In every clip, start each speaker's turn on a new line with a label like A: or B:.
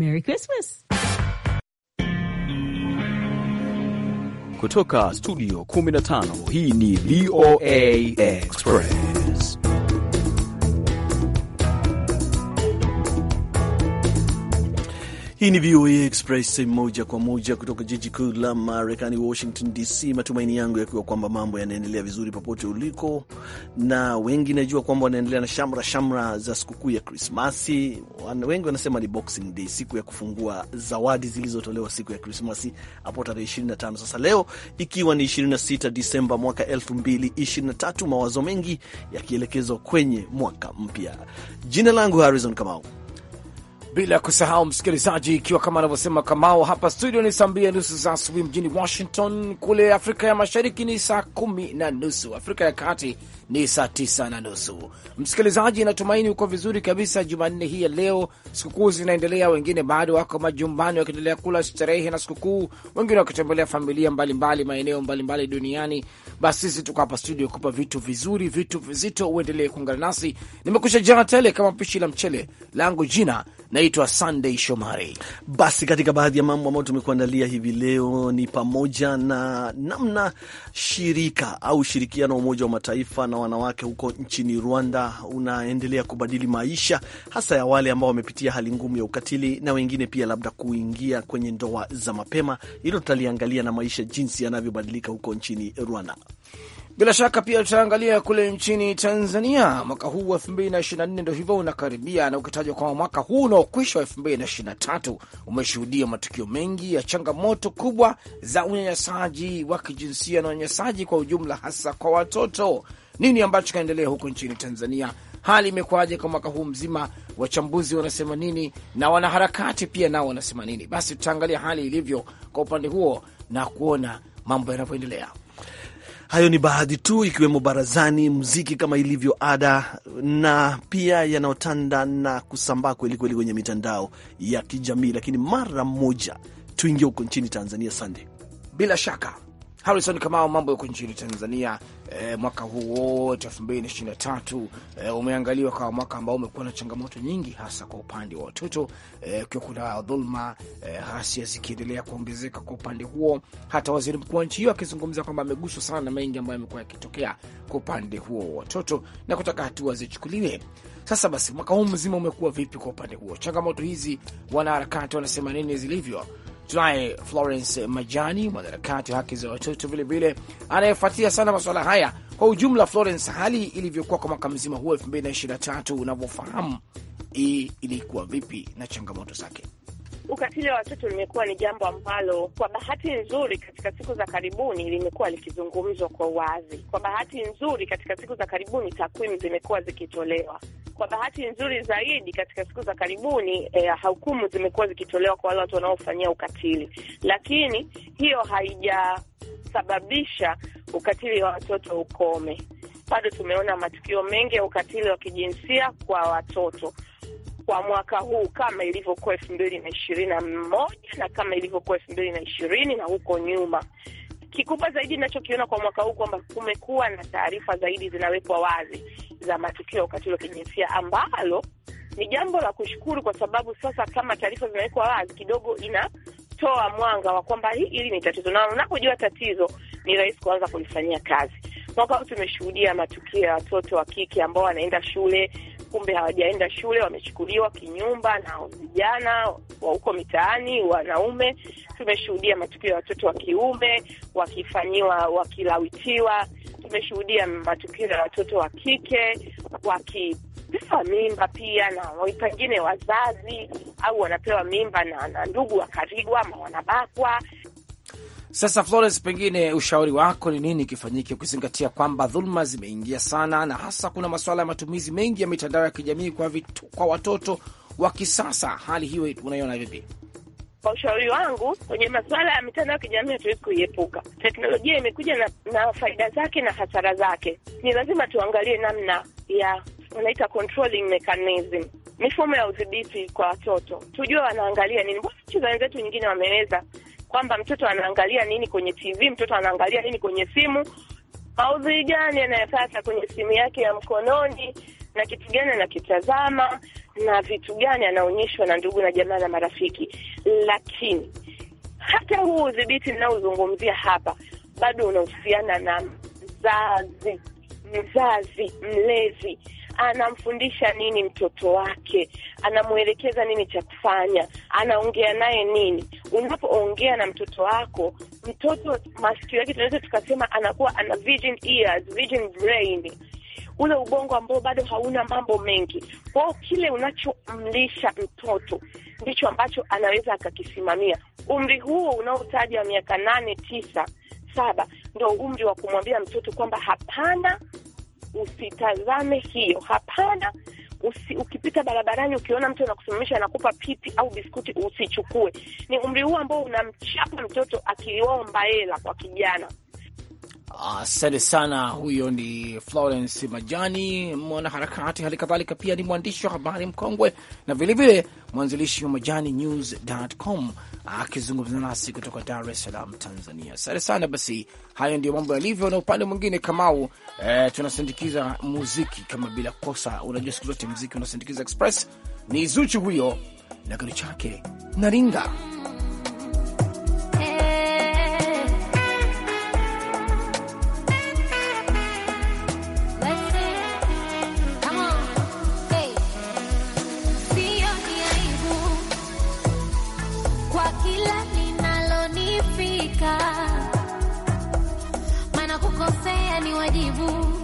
A: Merry Christmas
B: kutoka studio 15. Hii ni VOA Express. Hii ni VOA Express moja kwa moja kutoka jiji kuu la Marekani, Washington DC. Matumaini yangu yakiwa kwamba mambo yanaendelea vizuri popote uliko, na wengi najua kwamba wanaendelea na shamra shamra za sikukuu ya Krismasi. Wengi wanasema ni Boxing Day, siku ya kufungua zawadi zilizotolewa siku ya Krismasi hapo tarehe 25. Sasa leo ikiwa ni 26 Disemba mwaka 2023, mawazo mengi yakielekezwa kwenye mwaka mpya. Jina langu Harrison Kamau bila kusahau
C: msikilizaji, ikiwa kama anavyosema Kamao hapa studio ni saa mbili na nusu za asubuhi mjini Washington, kule Afrika ya Mashariki ni saa kumi na nusu, Afrika ya Kati ni saa tisa na nusu. Msikilizaji, natumaini uko vizuri kabisa Jumanne hii ya leo. Sikukuu zinaendelea, wengine bado wako majumbani wakiendelea kula starehe na sikukuu, wengine wakitembelea familia mbalimbali maeneo mbalimbali duniani. Basi sisi tuko hapa studio kupa vitu vizuri, vitu vizito. Uendelee kuungana
B: nasi, nimekusha jana tele kama pishi la mchele langu, jina Naitwa Sunday Shomari. Basi katika baadhi ya mambo ambayo tumekuandalia hivi leo ni pamoja na namna shirika au ushirikiano wa Umoja wa Mataifa na wanawake huko nchini Rwanda unaendelea kubadili maisha hasa ya wale ambao wamepitia hali ngumu ya ukatili na wengine pia labda kuingia kwenye ndoa za mapema. Hilo tutaliangalia na maisha jinsi yanavyobadilika huko nchini Rwanda. Bila shaka pia tutaangalia kule nchini Tanzania,
C: mwaka huu wa elfu mbili na na nne ndo hivyo unakaribia, na ukitajwa kwamba mwaka huu unaokwisha wa elfu mbili na na tatu umeshuhudia matukio mengi ya changamoto kubwa za unyanyasaji wa kijinsia na unyanyasaji kwa ujumla, hasa kwa watoto. Nini ambacho kinaendelea huko nchini Tanzania? Hali imekuwaje kwa mwaka huu mzima? Wachambuzi wanasema nini na wanaharakati pia nao wanasema nini? Basi tutaangalia hali ilivyo kwa upande huo na kuona mambo
B: yanavyoendelea. Hayo ni baadhi tu, ikiwemo barazani, muziki kama ilivyo ada, na pia yanayotanda na kusambaa kwelikweli kwenye mitandao ya kijamii. Lakini mara moja tuingie huko nchini Tanzania. Sande, bila shaka
C: Harrison Kamao, mambo yuko nchini Tanzania e, mwaka huu wote elfu mbili na ishirini na tatu eh, umeangaliwa kama mwaka ambao umekuwa na changamoto nyingi, hasa kwa upande wa watoto eh, ukiwa kuna dhulma e, eh, ghasia zikiendelea kuongezeka kwa upande huo. Hata waziri mkuu wa nchi hiyo akizungumza kwamba ameguswa sana na mengi ambayo yamekuwa yakitokea kwa upande huo wa watoto na kutaka hatua zichukuliwe. Sasa basi, mwaka huu mzima umekuwa vipi kwa upande huo? Changamoto hizi wanaharakati wanasema nini zilivyo? Tunaye Florence Majani, mwanaharakati wa haki za watoto vilevile, anayefuatia sana masuala haya kwa ujumla. Florence, hali ilivyokuwa kwa mwaka mzima huu 223 unavyofahamu, hii ilikuwa vipi na changamoto zake?
D: Ukatili wa watoto limekuwa ni jambo ambalo kwa bahati nzuri katika siku za karibuni limekuwa likizungumzwa kwa wazi. Kwa bahati nzuri katika siku za karibuni takwimu zimekuwa zikitolewa. Kwa bahati nzuri zaidi katika siku za karibuni eh, hukumu zimekuwa zikitolewa kwa wale watu wanaofanyia ukatili, lakini hiyo haijasababisha ukatili wa watoto ukome. Bado tumeona matukio mengi ya ukatili wa kijinsia kwa watoto kwa mwaka huu kama ilivyokuwa elfu mbili na ishirini na moja na kama ilivyokuwa elfu mbili na ishirini na huko nyuma. Kikubwa zaidi ninachokiona kwa mwaka huu kwamba kumekuwa na taarifa zaidi zinawekwa wazi za matukio ya ukatili wa kijinsia ambalo ni jambo la kushukuru, kwa sababu sasa kama taarifa zinawekwa wazi kidogo inatoa mwanga wa kwamba hili ni tatizo, na unapojua tatizo ni rahisi kuanza kulifanyia kazi. Mwaka huu tumeshuhudia matukio ya watoto wa kike ambao wanaenda shule kumbe hawajaenda shule, wamechukuliwa kinyumba na vijana wa huko mitaani, wanaume. Tumeshuhudia matukio ya watoto wa kiume wakifanyiwa, wakilawitiwa. Tumeshuhudia matukio ya watoto wa kike waki pewa mimba pia na pengine wazazi au wanapewa mimba na, na ndugu wa karibu ama wanabakwa.
C: Sasa Florence, pengine ushauri wako ni nini kifanyike, ukizingatia kwamba dhuluma zimeingia sana, na hasa kuna masuala ya matumizi mengi ya mitandao ya kijamii kwa, vitu, kwa watoto wa kisasa. Hali hiyo unaiona vipi?
D: Kwa ushauri wangu kwenye masuala ya mitandao ya kijamii hatuwezi kuiepuka. Teknolojia imekuja na, na faida zake na hasara zake. Ni lazima tuangalie namna ya wanaita controlling mechanism, mifumo ya udhibiti kwa watoto, tujue wanaangalia nini. Mbona nchi za wenzetu nyingine wameweza kwamba mtoto anaangalia nini kwenye TV, mtoto anaangalia nini kwenye simu, maudhui gani anayepata kwenye simu yake ya mkononi, na kitu gani anakitazama, na vitu gani anaonyeshwa na ndugu na jamaa na marafiki. Lakini hata huu udhibiti ninaozungumzia hapa bado unahusiana na mzazi, mzazi mlezi anamfundisha nini mtoto wake, anamwelekeza nini cha kufanya, anaongea naye nini. Unapoongea na mtoto wako, mtoto masikio yake tunaweza tukasema anakuwa ana ears, brain ule ubongo ambao bado hauna mambo mengi. kwao. kile unachomlisha mtoto ndicho ambacho anaweza akakisimamia. Umri huo unaotaja wa miaka nane, tisa, saba, ndo umri wa kumwambia mtoto kwamba hapana, usitazame hiyo, hapana. Usi, ukipita barabarani ukiona mtu anakusimamisha anakupa pipi au biskuti usichukue. Ni umri huu ambao unamchapa mtoto akiomba hela kwa kijana,
C: Asante sana. Huyo ni Florence Majani, mwanaharakati, hali kadhalika pia ni mwandishi wa habari mkongwe na vilevile mwanzilishi wa Majani News.com akizungumza nasi kutoka Dar es Salaam, Tanzania. Asante sana. Basi hayo ndio mambo yalivyo, na upande mwingine Kamau, eh, tunasindikiza muziki kama bila kosa. Unajua siku zote muziki unasindikiza Express ni Zuchu huyo na gari chake
E: naringa
A: 地步。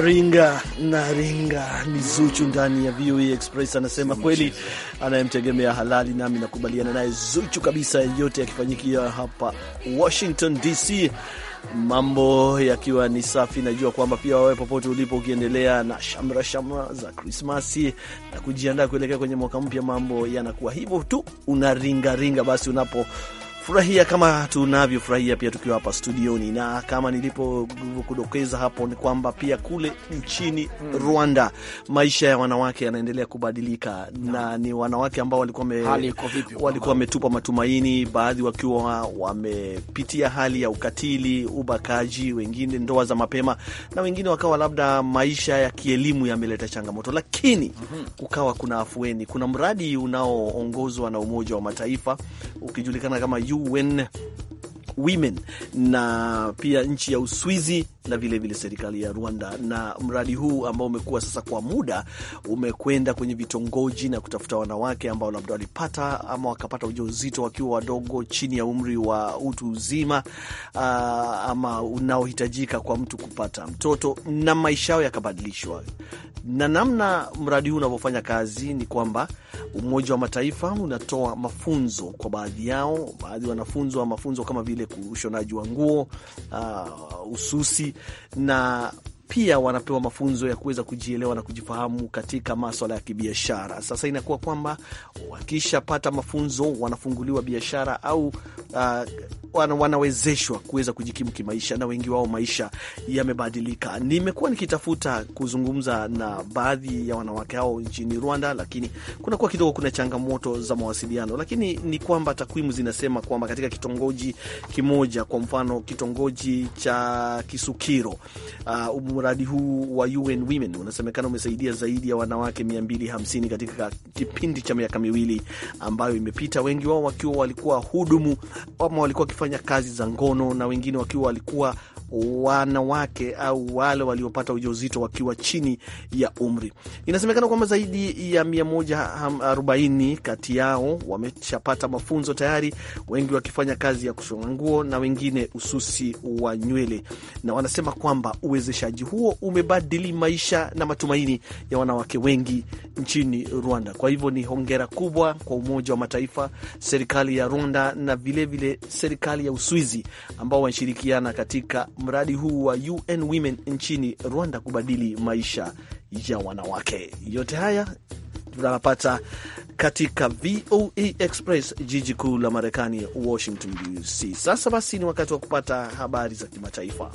B: naringa naringa ni Zuchu ndani ya VOA e Express. Anasema kweli anayemtegemea halali, nami nakubaliana naye Zuchu kabisa. Yote yakifanyikia hapa Washington DC, mambo yakiwa ni safi. Najua kwamba pia wawe popote ulipo, ukiendelea na shamra shamra za Krismasi na kujiandaa kuelekea kwenye mwaka mpya, mambo yanakuwa hivyo tu, unaringaringa basi unapo furahia kama tunavyofurahia pia tukiwa hapa studioni, na kama nilipokudokeza hapo ni kwamba pia kule nchini hmm. Rwanda maisha ya wanawake yanaendelea kubadilika no. na ni wanawake ambao walikuwa me, walikuwa wametupa matumaini, baadhi wakiwa wamepitia hali ya ukatili, ubakaji, wengine ndoa za mapema, na wengine wakawa labda maisha ya kielimu yameleta changamoto, lakini mm -hmm. kukawa kuna afueni. Kuna mradi unaoongozwa na Umoja wa Mataifa ukijulikana kama UN Women na pia nchi ya Uswizi na vilevile vile serikali ya Rwanda. Na mradi huu ambao umekuwa sasa kwa muda umekwenda kwenye vitongoji na kutafuta wanawake ambao labda walipata ama wakapata ujauzito wakiwa wadogo, chini ya umri wa utu uzima, ah, ama unaohitajika kwa mtu kupata mtoto na maisha yao yakabadilishwa na namna mradi huu unavyofanya kazi ni kwamba Umoja wa Mataifa unatoa mafunzo kwa baadhi yao, baadhi wanafunzwa mafunzo kama vile ushonaji wa nguo, uh, ususi na pia wanapewa mafunzo ya kuweza kujielewa na kujifahamu katika maswala ya kibiashara. Sasa inakuwa kwamba wakishapata mafunzo wanafunguliwa biashara au uh, wanawezeshwa kuweza kujikimu kimaisha, na wengi wao maisha yamebadilika. Nimekuwa nikitafuta kuzungumza na baadhi ya wanawake hao nchini Rwanda, lakini kunakuwa kidogo kuna changamoto za mawasiliano, lakini ni kwamba takwimu zinasema kwamba katika kitongoji kimoja, kwa mfano kitongoji cha Kisukiro uh, Mradi huu wa UN Women unasemekana umesaidia zaidi ya wanawake 250 katika kipindi cha miaka miwili ambayo imepita, wengi wao wakiwa walikuwa hudumu ama walikuwa wakifanya kazi za ngono na wengine wakiwa walikuwa wanawake au wale waliopata ujauzito wakiwa chini ya umri. Inasemekana kwamba zaidi ya 140 kati yao wameshapata mafunzo tayari, wengi wakifanya kazi ya kushona nguo na wengine ususi wa nywele, na wanasema kwamba uwezeshaji huo umebadili maisha na matumaini ya wanawake wengi nchini Rwanda. Kwa hivyo ni hongera kubwa kwa Umoja wa Mataifa, serikali ya Rwanda na vilevile vile serikali ya Uswizi ambao wanashirikiana katika mradi huu wa UN Women nchini Rwanda kubadili maisha ya wanawake. Yote haya tunapata katika VOA e Express, jiji kuu la Marekani, Washington DC. Sasa basi, ni wakati wa kupata habari za kimataifa.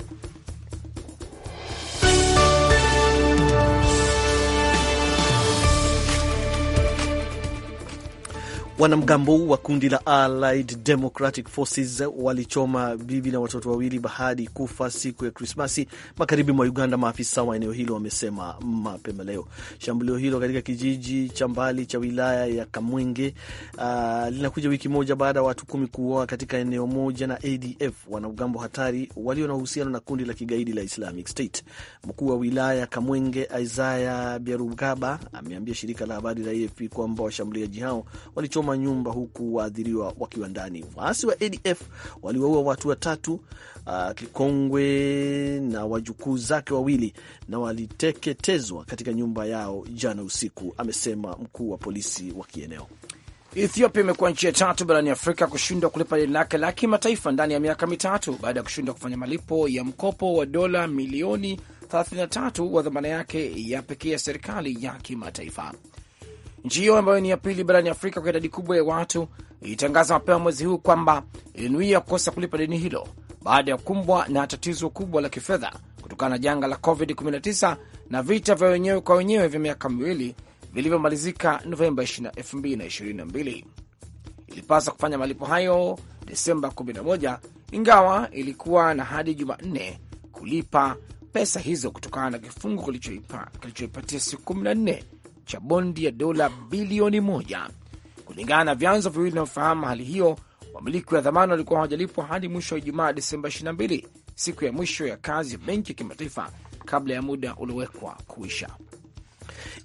B: Wanamgambo wa kundi la Allied Democratic Forces walichoma bibi na watoto wawili bahadi kufa siku ya Krismasi magharibi mwa Uganda, maafisa wa eneo hilo wamesema mapema leo. Shambulio hilo katika kijiji cha mbali cha wilaya ya Kamwenge uh, linakuja wiki moja baada ya watu kumi kuuawa katika eneo moja na ADF, wanamgambo hatari walio na uhusiano na kundi la kigaidi la Islamic State. Mkuu wa wilaya ya Kamwenge Isaya Biarugaba ameambia shirika la habari la AFP kwamba washambuliaji hao walichoma kuchoma nyumba huku waadhiriwa wakiwa ndani. Waasi wa ADF waliwaua watu watatu, uh, kikongwe na wajukuu zake wawili, na waliteketezwa katika nyumba yao jana usiku, amesema mkuu wa polisi wa kieneo. Ethiopia imekuwa nchi ya tatu
C: barani Afrika kushindwa kulipa deni lake la kimataifa ndani ya miaka mitatu baada ya kushindwa kufanya malipo ya mkopo wa dola milioni 33 wa dhamana yake ya pekee ya serikali ya kimataifa. Nchi hiyo ambayo ni ya pili barani Afrika kwa idadi kubwa ya watu ilitangaza mapema mwezi huu kwamba ilinuia kukosa kulipa deni hilo baada ya kukumbwa na tatizo kubwa la kifedha kutokana na janga la COVID-19 na vita vya wenyewe kwa wenyewe vya miaka miwili vilivyomalizika Novemba 2022. Ilipaswa kufanya malipo hayo Desemba 11, ingawa ilikuwa na hadi Jumanne kulipa pesa hizo kutokana na kifungo kilichoipatia siku 14 cha bondi ya dola bilioni moja. Kulingana na vyanzo viwili vinavyofahamu hali hiyo, wamiliki wa dhamana walikuwa hawajalipwa hadi mwisho wa Ijumaa, Desemba 22, siku ya mwisho ya kazi ya benki ya kimataifa kabla
B: ya muda uliowekwa kuisha.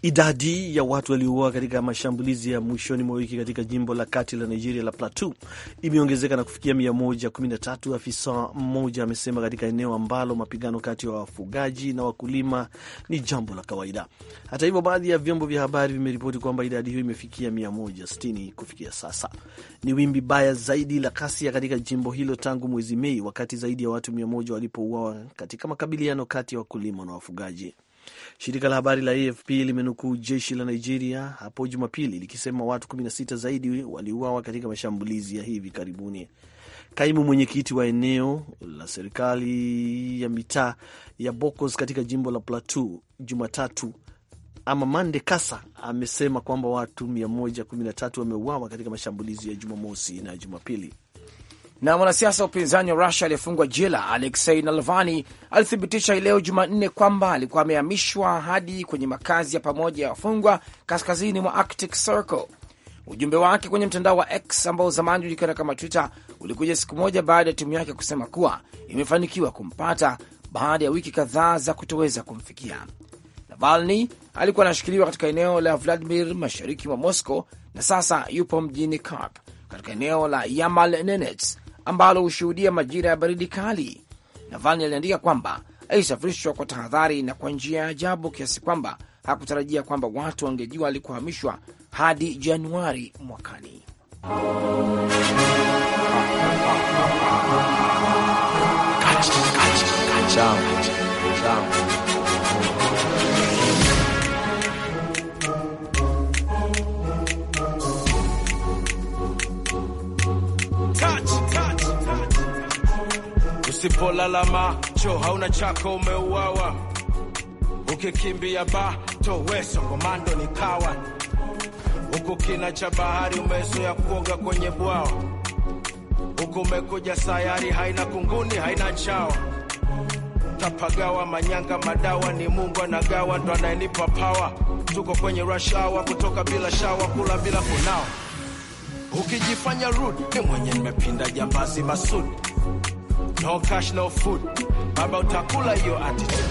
B: Idadi ya watu waliouawa katika mashambulizi ya mwishoni mwa wiki katika jimbo la kati la Nigeria la Plateau imeongezeka na kufikia 113, afisa mmoja amesema, katika eneo ambalo mapigano kati ya wa wafugaji na wakulima ni jambo la kawaida. Hata hivyo, baadhi ya vyombo vya habari vimeripoti kwamba idadi hiyo imefikia 160 kufikia sasa. Ni wimbi baya zaidi la kasia katika jimbo hilo tangu mwezi Mei, wakati zaidi ya watu 100 walipouawa katika makabiliano kati ya wakulima na wafugaji. Shirika la habari la AFP limenukuu jeshi la Nigeria hapo Jumapili likisema watu 16 zaidi waliuawa katika mashambulizi ya hivi karibuni. Kaimu mwenyekiti wa eneo la serikali ya mitaa ya bocos katika jimbo la Plateau Jumatatu ama Mande Kasa amesema kwamba watu 113 wameuawa katika mashambulizi ya Jumamosi na Jumapili. Na
C: mwanasiasa wa upinzani wa Rusia aliyefungwa jela Aleksei Navalny alithibitisha hii leo Jumanne kwamba alikuwa amehamishwa hadi kwenye makazi ya pamoja ya wafungwa kaskazini mwa Arctic Circle. Ujumbe wake kwenye mtandao wa X ambao zamani ulijulikana kama Twitter ulikuja siku moja baada ya timu yake kusema kuwa imefanikiwa kumpata baada ya wiki kadhaa za kutoweza kumfikia. Navalny alikuwa anashikiliwa katika eneo la Vladimir mashariki mwa Moscow na sasa yupo mjini Kharkiv katika eneo la Yamal Nenets ambalo hushuhudia majira ya baridi kali. Navalny aliandika kwamba alisafirishwa kwa tahadhari na kwa njia ya ajabu kiasi kwamba hakutarajia kwamba watu wangejua alikuhamishwa hadi Januari mwakani.
F: Kachi, kachi, kachi. Usipolala macho hauna chako, umeuawa. Ukikimbia bato weso komando ni kawa. Huku kina cha bahari umezoea kuoga kwenye bwawa, huku umekuja sayari haina kunguni, haina chawa. Tapagawa manyanga madawa ni Mungu anagawa, ndo anayenipa pawa. Tuko kwenye rush hour, kutoka bila shawa, kula bila kunawa, ukijifanya rude ni mwenye nimepinda jambazi masudi No cash, no food. Baba utakula hiyo attitude.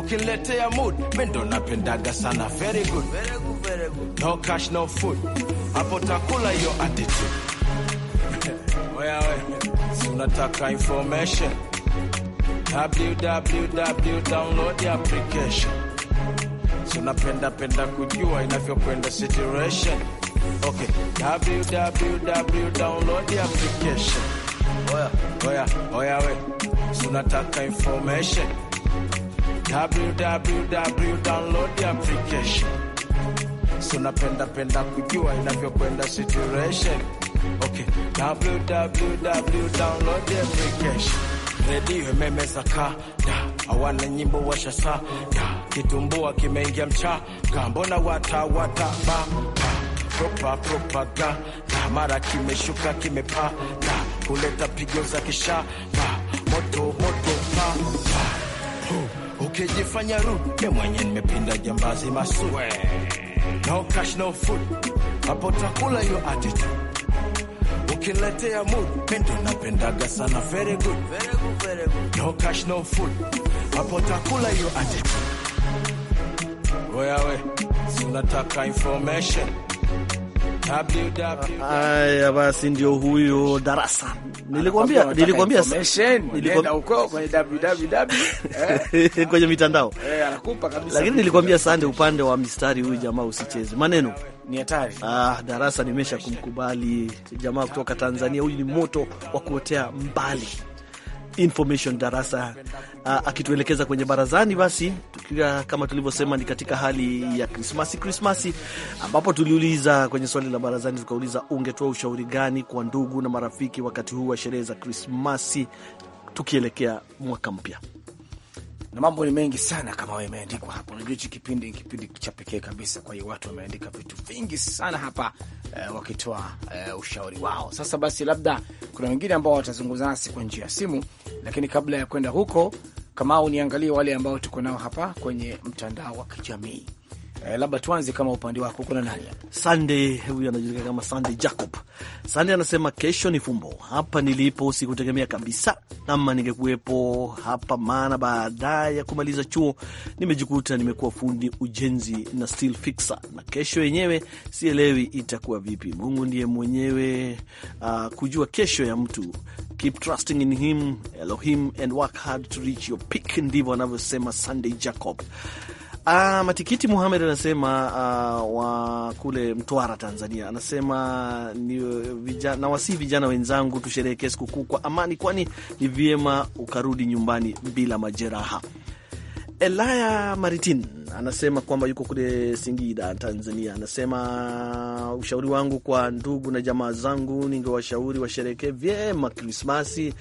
F: Ukiniletea mood, mimi napendaga sana. Very good. No cash, no food. Hapo takula hiyo attitude. Wewe wewe, si unataka information. www download application. unapenda penda kujua inavyokwenda situation. Okay, www download application oya oya oya we sunataka information www download the application sunapenda penda kujua inavyokwenda situation okay www download the application redio imemeza kada hawana nyimbo washasa da kitumbua kimeingia mchaka mbona watawataba propa propaganda mara kimeshuka kimepaa kuleta pigo za kisha pa, moto moto pa, pa. Ukijifanya rude mwenye nimepinda jambazi masue no cash no food hapo takula hiyo attitude ukiletea mood pendo napendaga sana very good Very very good, good. no cash no food hapo takula hiyo attitude wewe si unataka information
B: Haya basi, ndio huyo darasa nilikwambia, nilikwambia eh. kwenye mitandao,
C: eh, lakini nilikwambia
B: sande, upande wa mistari huyu jamaa usicheze maneno ni hatari. Ah, darasa nimesha kumkubali jamaa kutoka Tanzania, huyu ni moto wa kuotea mbali information darasa uh, akituelekeza kwenye barazani. Basi tukiwa kama tulivyosema, ni katika hali ya Krismasi Krismasi, ambapo tuliuliza kwenye swali la barazani, tukauliza ungetoa ushauri gani kwa ndugu na marafiki wakati huu wa sherehe za Krismasi tukielekea mwaka mpya? na mambo ni mengi
C: sana kama yameandikwa hapa. Unajua hichi kipindi kipindi cha pekee kabisa, kwa hiyo watu wameandika vitu vingi sana hapa eh, wakitoa eh, ushauri wao. Sasa basi, labda kuna wengine ambao watazungumza nasi kwa njia ya simu, lakini kabla ya kwenda huko, Kamau, niangalie wale ambao tuko
B: nao hapa kwenye mtandao wa kijamii. Eh, labda tuanze kama upande wako kuna nani? Sunday, huyu anajulikana kama Sunday Jacob. Sunday anasema kesho ni fumbo. Hapa nilipo sikutegemea kabisa kama ningekuwepo hapa, maana baada ya kumaliza chuo nimejikuta nimekuwa fundi ujenzi na steel fixer, na kesho yenyewe sielewi itakuwa vipi. Mungu ndiye mwenyewe uh, kujua kesho ya mtu. Keep trusting in him Elohim and work hard to reach your peak, ndivyo anavyosema Sunday Jacob. Ah, Matikiti Muhamed anasema ah, wa kule Mtwara, Tanzania, anasema ni eh, vijana, na vijana wenzangu tusherehekee sikukuu kwa amani, kwani ni vyema ukarudi nyumbani bila majeraha. Elaya Maritin anasema kwamba yuko kule Singida, Tanzania. Anasema ushauri wangu kwa ndugu na jamaa zangu, ningewashauri washerekee vyema Krismasi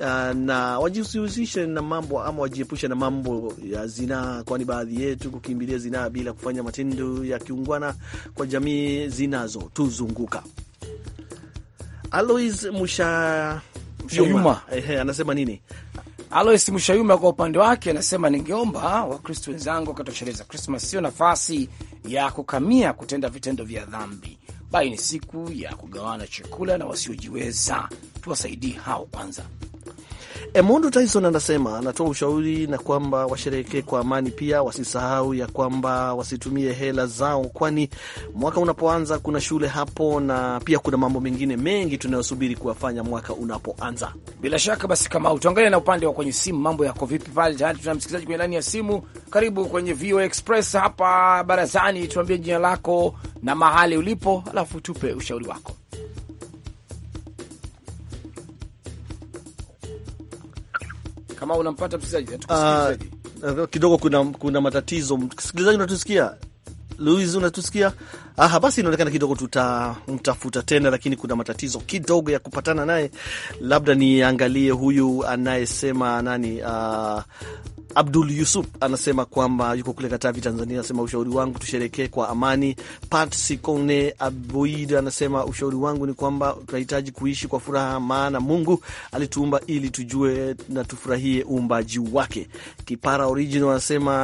B: uh, na wajihusishe na mambo ama wajiepushe na mambo ya zinaa, kwani baadhi yetu kukimbilia zinaa bila kufanya matendo ya kiungwana kwa jamii zinazotuzunguka. Alois Musha anasema nini? Alois Mushayuma kwa upande wake anasema, ningeomba
C: Wakristo wenzangu wakati wa sherehe za Krismas sio nafasi ya kukamia kutenda vitendo vya dhambi, bali ni siku ya kugawana chakula na wasiojiweza. Tuwasaidie
B: hao kwanza. Emondo Tyson anasema anatoa ushauri na kwamba washerehekee kwa amani, pia wasisahau ya kwamba wasitumie hela zao, kwani mwaka unapoanza kuna shule hapo na pia kuna mambo mengine mengi tunayosubiri kuwafanya mwaka unapoanza. Bila shaka basi, kama utaangalia na upande wa kwenye simu, mambo yako vipi pale? Tayari tuna msikilizaji kwenye ndani ya
C: simu. Karibu kwenye VOA Express hapa barazani, tuambie jina lako na mahali ulipo, alafu tupe ushauri wako. kama unampata msikilizaji ah,
B: uh, eh, kidogo kuna, kuna matatizo. Msikilizaji unatusikia? Luis unatusikia? Aha, basi inaonekana kidogo tutamtafuta tena, lakini kuna matatizo kidogo ya kupatana naye. Labda niangalie huyu anayesema nani, uh, Abdul Yusuf anasema kwamba yuko kule Katavi, Tanzania, anasema ushauri wangu tusherekee kwa amani. Pat Sikone Abuid anasema ushauri wangu ni kwamba tunahitaji kuishi kwa furaha, maana Mungu alituumba ili tujue na tufurahie uumbaji wake. Kipara Original anasema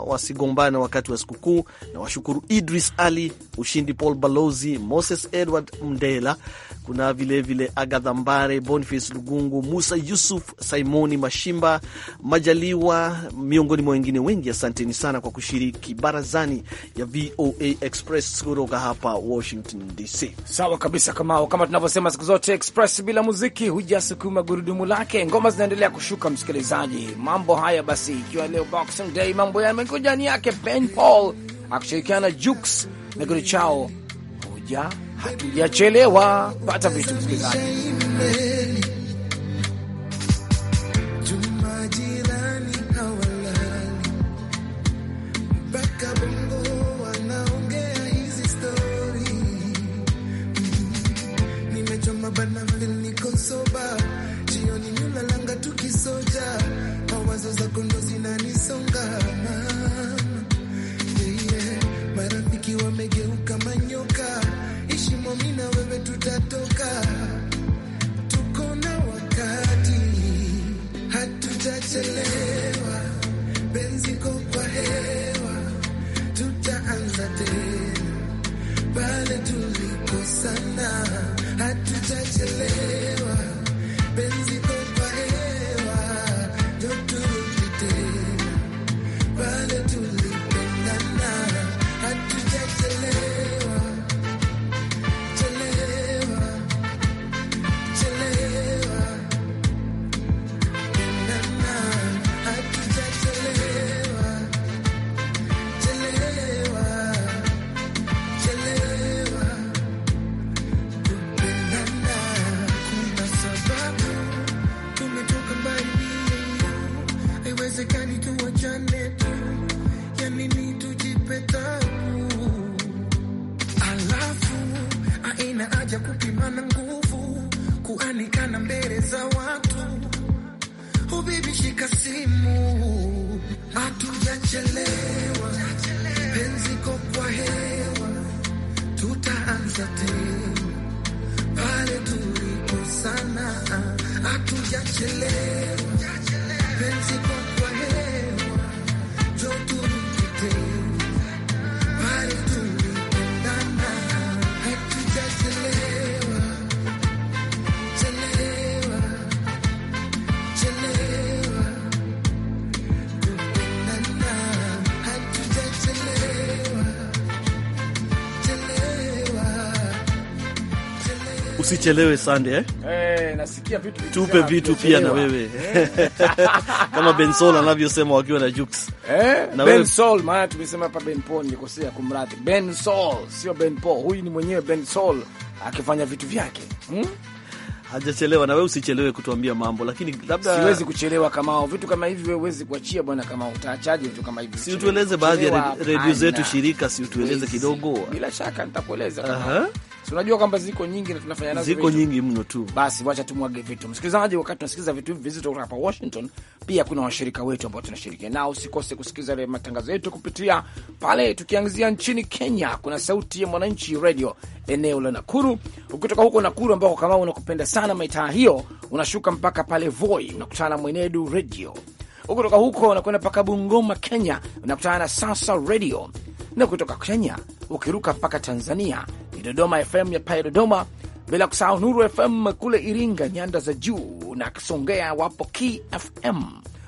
B: uh, wasigombane wakati wa sikukuu, na washukuru Idris Ali Ushindi, Paul Balozi, Moses Edward Mdela, kuna vilevile Agadha Mbare, Boniface Lugungu, Musa Yusuf, Simoni Mashimba Majali ukiwa miongoni mwa wengine wengi. Asanteni sana kwa kushiriki barazani ya VOA Express kutoka hapa Washington DC. Sawa kabisa, Kamao. Kama tunavyosema siku zote, Express bila muziki
C: hujasukuma gurudumu lake. Ngoma zinaendelea kushuka, msikilizaji. Mambo haya basi, ikiwa leo Boxing Day, mambo yamekuja ndani yake. Ben Paul akushirikiana Jux na kitu chao huja hatujachelewa. Pata vitu, msikilizaji.
E: pale tulipo sana, hatujachelewa penzi
B: Usichelewe Sande eh?
C: Hey, eh, tupe vitu pia na wewe eh.
B: kama Bensol anavyosema wakiwa na Jux
C: eh? na Bensol maana tumesema hapa Ben Paul, nilikosea kumradhi. Bensol sio Ben Paul, huyu ni mwenyewe Bensol akifanya vitu vyake hmm?
B: Hajachelewa na wewe usichelewe kutuambia mambo, lakini labda siwezi
C: kuchelewa kama vitu kama hivi, wewe huwezi kuachia bwana, kama utaachaje vitu kama hivi? Si utueleze baadhi ya redio zetu shirika, si utueleze kidogo? Bila shaka nitakueleza kama si unajua kwamba ziko nyingi na tunafanya nazo ziko nyingi mno tu. Basi wacha tumwage vitu, msikilizaji. Wakati tunasikiliza vitu hivi vizito kutoka hapa Washington, pia kuna washirika wetu ambao tunashiriki nao. Usikose kusikiliza ile matangazo yetu kupitia pale. Tukianzia nchini Kenya, kuna Sauti ya Mwananchi Radio eneo la Nakuru. Ukitoka huko Nakuru ambako kama unakupenda sana mitaa hiyo, unashuka mpaka pale Voi, unakutana na Mwenedu Radio. Ukitoka huko unakwenda mpaka Bungoma, Kenya, unakutana na Sasa Radio na kutoka Kenya ukiruka mpaka Tanzania ni Dodoma FM ya pale Dodoma, bila kusahau Nuru FM kule Iringa, nyanda za juu na Kisongea wapo KFM.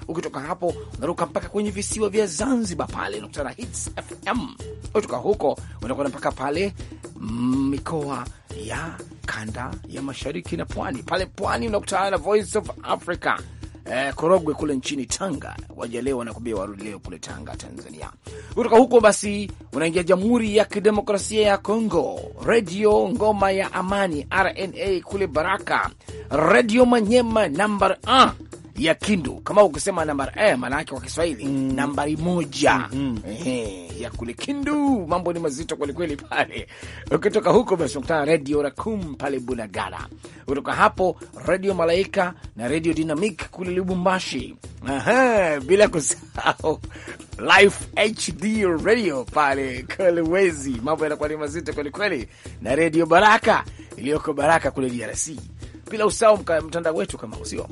C: Ukitoka hapo unaruka mpaka kwenye visiwa vya Zanzibar, pale unakutana Hits FM. Ukitoka huko unakwenda mpaka pale mm, mikoa ya kanda ya mashariki na pwani, pale pwani unakutana na Voice of Africa eh, Korogwe kule nchini Tanga. Waja leo wanakuambia warudi leo kule Tanga, Tanzania. Kutoka huko basi unaingia Jamhuri ya Kidemokrasia ya Kongo, Redio Ngoma ya Amani RNA kule Baraka, Redio Manyema nambar ya Kindu kama ukisema namba eh, maana yake kwa Kiswahili mm. nambari moja mm -hmm ya kule Kindu. Mambo ni mazito kwelikweli pale. Ukitoka huko basi unakutana redio Rakum pale Bunagana, kutoka hapo redio Malaika na redio Dynamic kule Lubumbashi. Aha, bila kusahau Life HD radio pale Kolwezi. Mambo yanakuwa ni mazito kwelikweli, na redio Baraka iliyoko Baraka kule DRC bila usahau mtandao wetu kama usio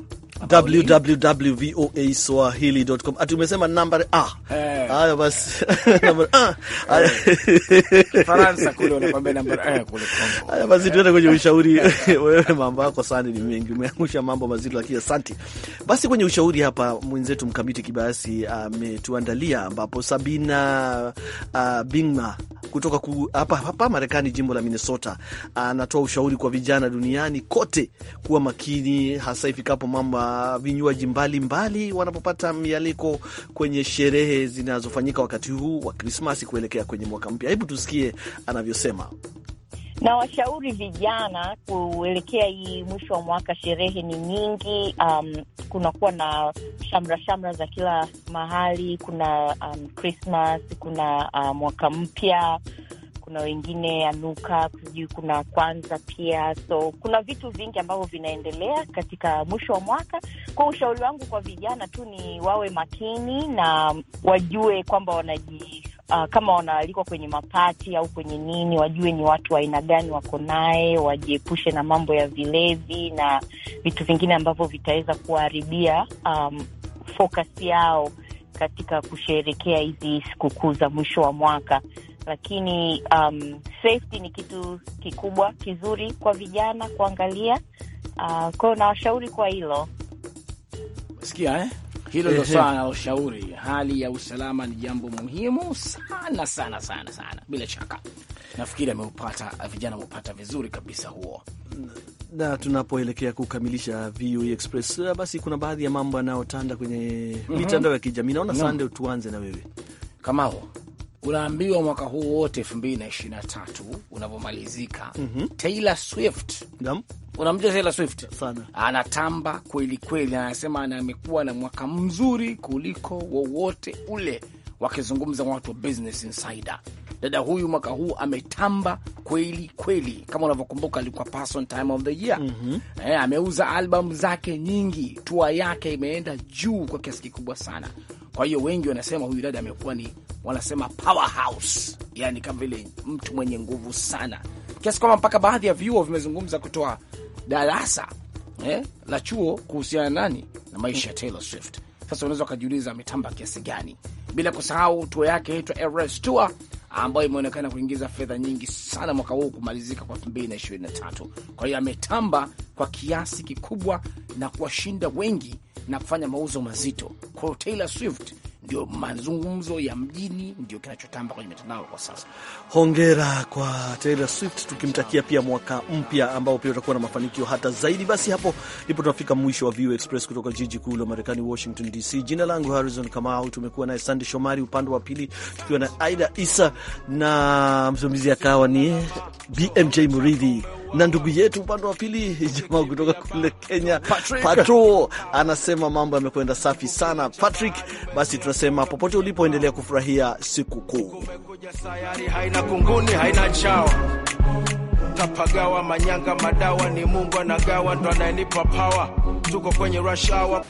B: www.voaswahili.com atumesema namba a eh. hayo basi namba a eh. Faransa kule unakwambia namba a kule Kongo. Haya basi tuende kwenye eh. ushauri. Wewe mambo yako sana ni mengi, umeangusha mambo mazito, lakini asante basi. Kwenye ushauri hapa mwenzetu mkamiti kibayasi ametuandalia, ambapo Sabina ah, Bingma kutoka ku, hapa, hapa Marekani, jimbo la Minnesota, anatoa ushauri kwa vijana duniani kote kuwa makini, hasa ifikapo mama vinywaji mbalimbali wanapopata mialiko kwenye sherehe zinazofanyika wakati huu wa Krismasi kuelekea kwenye mwaka mpya. Hebu tusikie anavyosema
D: na washauri vijana kuelekea hii mwisho wa mwaka, sherehe ni nyingi. Um, kunakuwa na shamra shamra za kila mahali. Kuna um, Christmas, kuna um, mwaka mpya, kuna wengine anuka, sijui kuna kwanza pia, so kuna vitu vingi ambavyo vinaendelea katika mwisho wa mwaka. Kwa ushauri wangu kwa vijana tu ni wawe makini na wajue kwamba wanaji uh, kama wanaalikwa kwenye mapati au kwenye nini, wajue ni watu wa aina gani wako naye, wajiepushe na mambo ya vilevi na vitu vingine ambavyo vitaweza kuharibia um, focus yao katika kusherekea hizi sikukuu za mwisho wa mwaka. Lakini um, safety ni kitu kikubwa kizuri kwa vijana kuangalia. Uh, kwa hiyo nawashauri kwa hilo.
C: Sikia eh? hilo ndo swala la ushauri. Hali ya usalama ni jambo muhimu sana sana sana sana, bila shaka. Nafikiri ameupata vijana, ameupata vizuri kabisa huo
B: na tunapoelekea kukamilisha VOA e Express, basi kuna baadhi ya mambo yanayotanda kwenye mhm. mitandao mm -hmm. ya kijamii naona no. Mhm. Sande, tuanze na wewe Kamao
C: unaambiwa mwaka huu wote elfu mbili na ishirini na tatu unavyomalizika, mm -hmm. Taylor Swift unamjua Taylor Swift sana, anatamba kweli kweli, anasema amekuwa na mwaka mzuri kuliko wowote ule, wakizungumza watu wa Business Insider. Dada huyu mwaka huu ametamba kweli kweli, kama unavyokumbuka alikuwa person time of the year mm -hmm. E, ameuza albamu zake nyingi, tua yake imeenda juu kwa kiasi kikubwa sana. Kwa hiyo wengi wanasema huyu dada amekuwa ni wanasema powerhouse, yani kama vile mtu mwenye nguvu sana, kiasi kwamba mpaka baadhi ya vyuo vimezungumza kutoa darasa eh, la chuo kuhusiana nani na maisha ya Taylor Swift. Sasa unaweza ukajiuliza ametamba kiasi gani, bila kusahau tuo yake itwa Eras Tour ambayo imeonekana kuingiza fedha nyingi sana mwaka huu kumalizika kwa 2023. Kwa hiyo ametamba kwa kiasi kikubwa na kuwashinda wengi na kufanya mauzo mazito. Kwa Taylor Swift ndio
B: mazungumzo ya mjini, ndio kinachotamba kwenye mitandao kwa sasa. Hongera kwa Taylor Swift, tukimtakia pia mwaka mpya ambao pia utakuwa na mafanikio hata zaidi. Basi hapo ndipo tunafika mwisho wa VOA Express kutoka jiji kuu la Marekani, Washington DC. Jina langu Harrison Kamau, tumekuwa naye Sande Shomari upande wa pili, tukiwa na Aida Isa na msimamizi akawa ni BMJ Muridhi na ndugu yetu upande wa pili, jamaa kutoka kule Kenya Patrick. Patro anasema mambo yamekwenda safi sana Patrick. Basi tunasema popote ulipoendelea kufurahia sikukuu
F: tapagawa manyanga madawa ni Mungu anagawa, ndo anayenipa pawa, tuko kwenye rush hour.